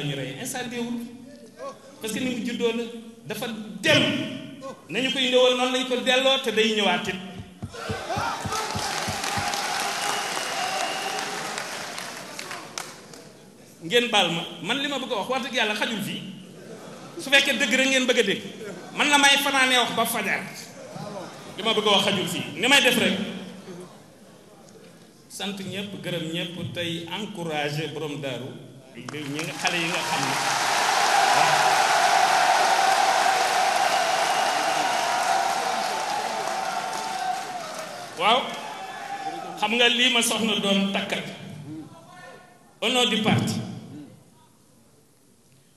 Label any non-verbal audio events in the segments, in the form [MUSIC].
lañu rey incendie wul parce que ni mu juddoo la dafa dem nañu ko indiwoon noonu lañu ko delloo te day ñëwaat it ngeen baal ma man li ma bëgg a wax wax yàlla xajul fii su fekkee dëgg rek ngeen bëgg a dégg man na may fanaanee wax ba fajar li ma bëgg a wax xajul fii ni may def rek sant ñëpp gërëm ñëpp tey encouragé borom daaru ñi nga xale yi nga xam ne waaw xam nga lii ma soxna doon takkal au nom du parti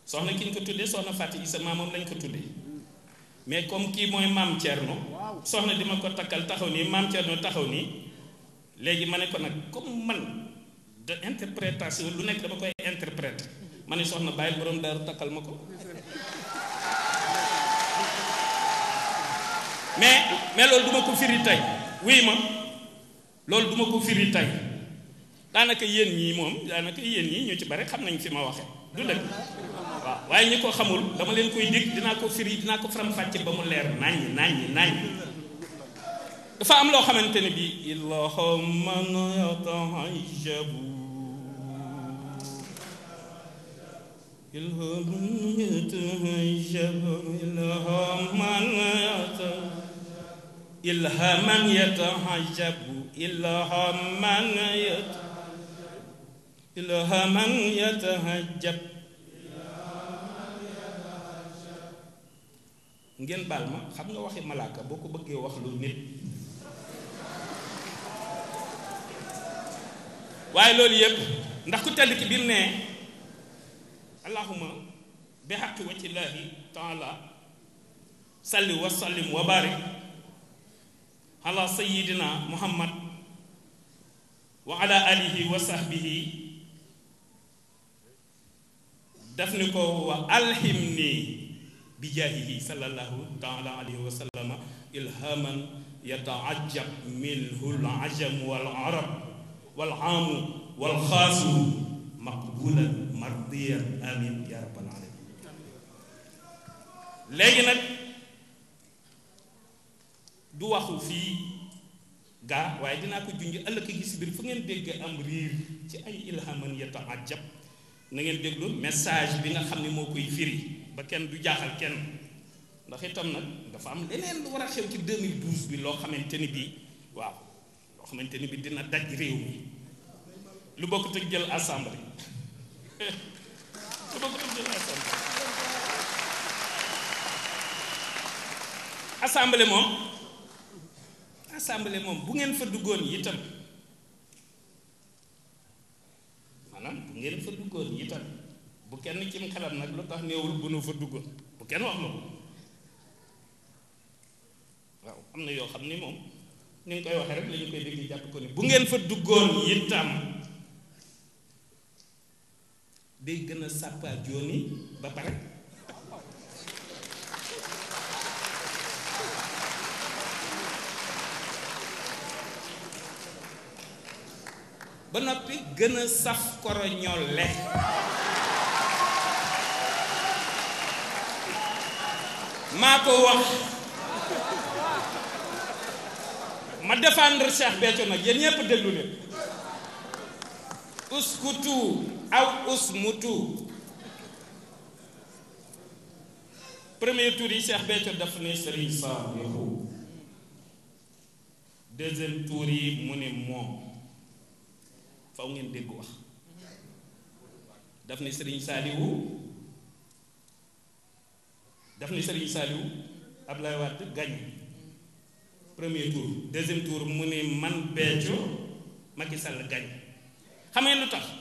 soxna ki ñu ko tuddee soxna Faty Issa maamam lañ ko tuddee mais comme kii mooy maam Thierno soxna di ma ko takkal taxaw nii maam Thierno taxaw nii léegi ma ne ko nag comme man te interprétation lu nekk dama koy interprète ma ne soxna bàyyil borom daaru takkal ma ko mais mais loolu duma ko firi tey wuy ma loolu duma ko firi tey daanaka yéen ñii moom daanaka yéen ñii ñu ci bare xam nañ fi ma waxe du dëgg waaw waaye ñi ko xamul dama leen koy dig dinaa ko firi dinaa ko faram-fàcce ba mu leer naññ naññ naññ dafa am loo xamante ne bi illahumma yatahajabu إلهم يتهجب إلهام من يتهجب إلهام من يتهجب إلهام من يتهجب ngeen baal ma xam nga waxi malaaka boo ko bëggee wax lu nit waaye loolu yëpp ndax ku tedd ki bi mu nee اللهم بحق وجه الله تعالى صل وسلم وبارك على سيدنا محمد وعلى آله وصحبه دفنك وألهمني بجاهه صلى الله تعالى عليه وسلم إلهاما يتعجب منه العجم والعرب والعام والخاص maqbula mardiya amin ya rabbal alamin léegi nag du waxu fii gaa waaye dinaa ko junj ëllëg gi si biir fu ngeen dégg am riir ci ay ilhaman yataajab na ngeen déglu message bi nga xam ne moo koy firi ba kenn du jaaxal kenn ndax itam nag dafa am leneen lu war a xew ci 2012 bi loo xamante ni bii waaw loo xamante ni bi dina daj réew mi lu bokk tëg jël assemblée [LAUGHS] lu bokk tëg jël assemblée assemblée moom assemblée moom bu ngeen fa duggoon itam maanaam bu ngeen fa duggoon itam bu kenn cim xelam nag lu tax néewul bu nu fa duggoon bu kenn wax la ko waaw am na yoo xam ni moom ni nga koy waxee rek la ñu koy dégg jàpp ko ni bu ngeen fa duggoon itam day gën a sàppaa jooni ba pare ba noppi gën a saf koroñole maa ko wax ma défendre Cheikh Béthio nag yéen ñëpp déglu leen uskutu aw usmutu premier tour yi Cheikh Béthio daf ne Serigne Saliou deuxième tour yi mu ne moom faw ngeen dégg wax daf ne Serigne Saliou daf ne Serigne Saliou Abdoulaye wat gagne premier tour deuxième tour mu ne man Béthio Macky Sall gagne xam ngeen lu tax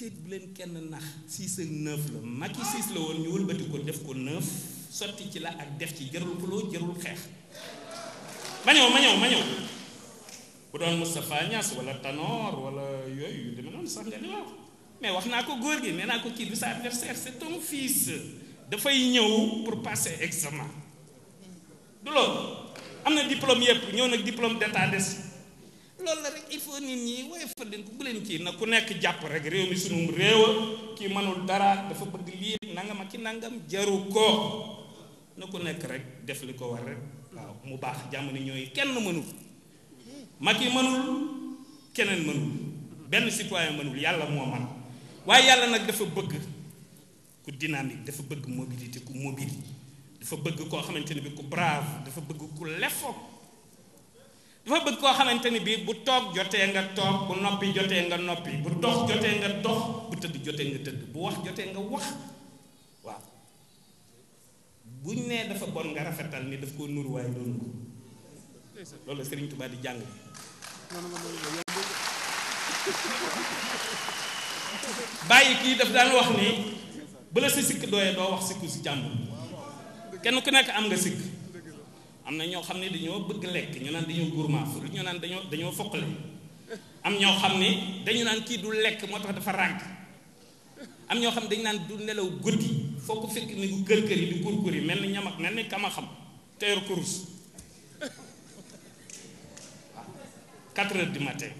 te bu leen kenn nax 6 ak 9 la Macky 6 la woon ñu wëlbati ko def ko 9 sotti ci la ak def ci jarul xuloo jarul xeex ma ñëw ma ñëw ma ñëw bu doon Moustapha Niass wala Tanor wala yooyu yu demee noonu sax nga ni waaw mais wax naa ko góor gi nee naa ko kii du sa adversaire c'est ton fils dafay ñëw pour passer examen du loolu am na diplôme yépp ñëw nag diplôme d'état des loolu la rek il faut nit ñi woyofal leen ko bu kii na ku nekk jàpp rek réew mi sunum réewa kii mënul dara dafa bëgg lii nanga mag ki nangam jaru ko na ku nekk rek def li ko war rek waaw mu baax jamono ñooy kenn mënul mag yi mënul keneen mënul benn citoyen mënul yàlla moo man waaye yàlla nag dafa bëgg ku dynamique dafa bëgg mobilité ku mobile dafa bëgg koo xamante ne bi ku brave dafa bëgg ku lefo dafa bëgg koo xamante ni bii bu toog jotee nga toog bu noppi jotee nga noppi bu dox jotee nga dox bu tëdd jotee nga tëdd bu wax jotee nga wax waaw buñ nee dafa bon nga rafetal ni daf koo nur waaye doon ko loolu la Serigne Touba di jàng bàyyi kii daf daan wax ni bala la si sikk dooyee doo wax sikku si jàmm kenn ku nekk am nga sikk am na ñoo xam ne dañoo bëgg lekk ñu naan dañoo gourmand fu ñu naan dañoo dañoo foqale am ñoo xam ne dañu naan kii du lekk moo tax dafa ràgg am ñoo xam ne dañu naan du nelaw guddi foo ko fekk ni ku kër kër yi di kurkur yi mel ni ñam mel ni kama xam teer kurus waaw quatre heures du matin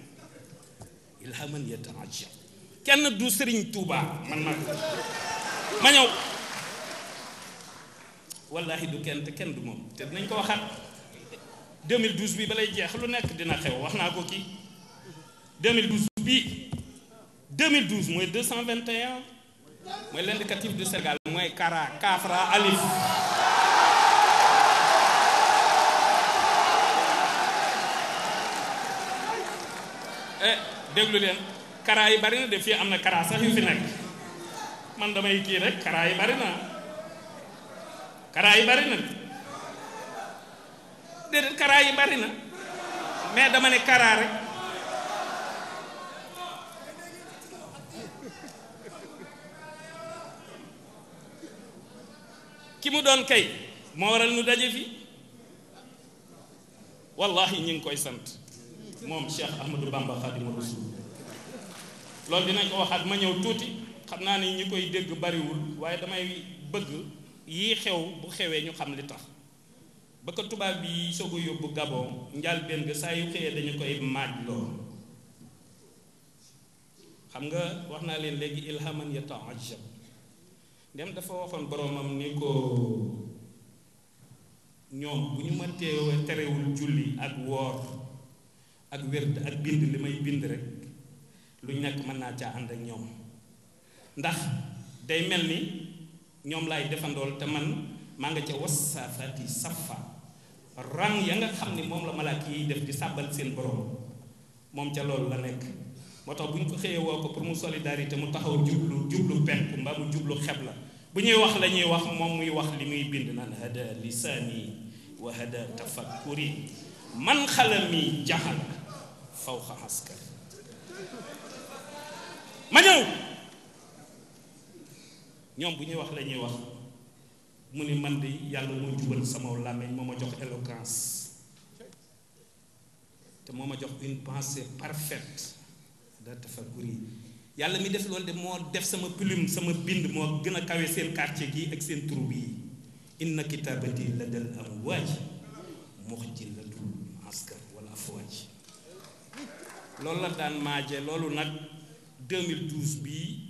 ilhaman yataajjal kenn du Sëriñ Tuubaa man ma ma ñëw wallahi du kenn te kenn du moom te nañ ko waxaat 2012 bi balay jeex lu nekk dina xew wax naa ko kii 2012 bi 2012 mooy 221 mooy l'indicatif du Sénégal mooy Kara Kafra Alif eh, déglu leen Kara yi bari de fii am na Kara sax yu fi nekk man damay kii rek Kara yi bari karaa yi bari na déedéet karaa yi bari na mais dama ne karaa rek ki mu doon kay moo waral nu daje fi wallahi ñu ngi koy sant moom Cheikh Ahmadou Bamba Khadimu Rasul loolu dinañ ko waxaat ma ñëw tuuti xam naa ne ñi koy dégg bariwul waaye damay bëgg yii xew bu xewee ñu xam li tax ba ko tubaab bi soog a yóbbu Gabon njaal benn nga saa yu dañu koy maaj lool xam nga wax naa leen léegi ilhaman yataajab dem dafa waxoon boroomam ni ko ñoom bu ñu ma teew terewul julli ak woor ak werd ak bind li may bind rek lu ñu nekk mën naa ca ànd ak ñoom ndax day mel ni ñom lay defandol te man ma nga ci wasafati safa rang ya nga xamni mom la malaki def di sabbal seen borom mom ca loolu la nek moo buñ ko xeye woko pour mu solidarité mu taxaw jublu jublu penk mba mu jublu xebla bu ñuy wax lañuy wax mom muy wax li muy bind nan hada lisani wa hada tafakkuri man khalami jahal fawkha askar ma ñew ñoom bu ñuy wax la ñuy wax mu ne man de yàlla moo jubal sama làmmiñ moo ma jox éloquence te moo ma jox une pensée parfet da tafakkur yi yàlla mi def loolu de moo def sama plume sama bind moo gën a kawe seen quartier gi ak seen troupe yi inna kitaabati la dal am waaj mox ji la dul askar wala afwaaj loolu la daan maaje loolu nag bii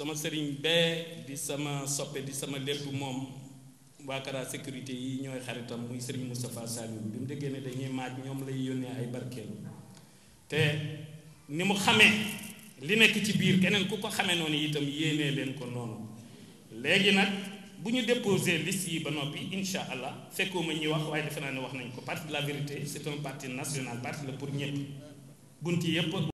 sama sëriñ bee di sama soppe di sama lépp moom waa Kara sécurité yi ñooy xaritam muy sëriñ Moustapha Saliou bi mu déggee ne dañuy maaj ñoom lay yónnee ay barkeelu te ni mu xamee li nekk ci biir keneen ku ko xamee noonu itam yéenee leen ko noonu léegi nag bu ñu déposé liste yi ba noppi incha allah fekkoo ma ñuy wax waaye defe naa ne wax nañ ko parti de la vérité c'est un parti national parti la pour ñëpp bunt yëpp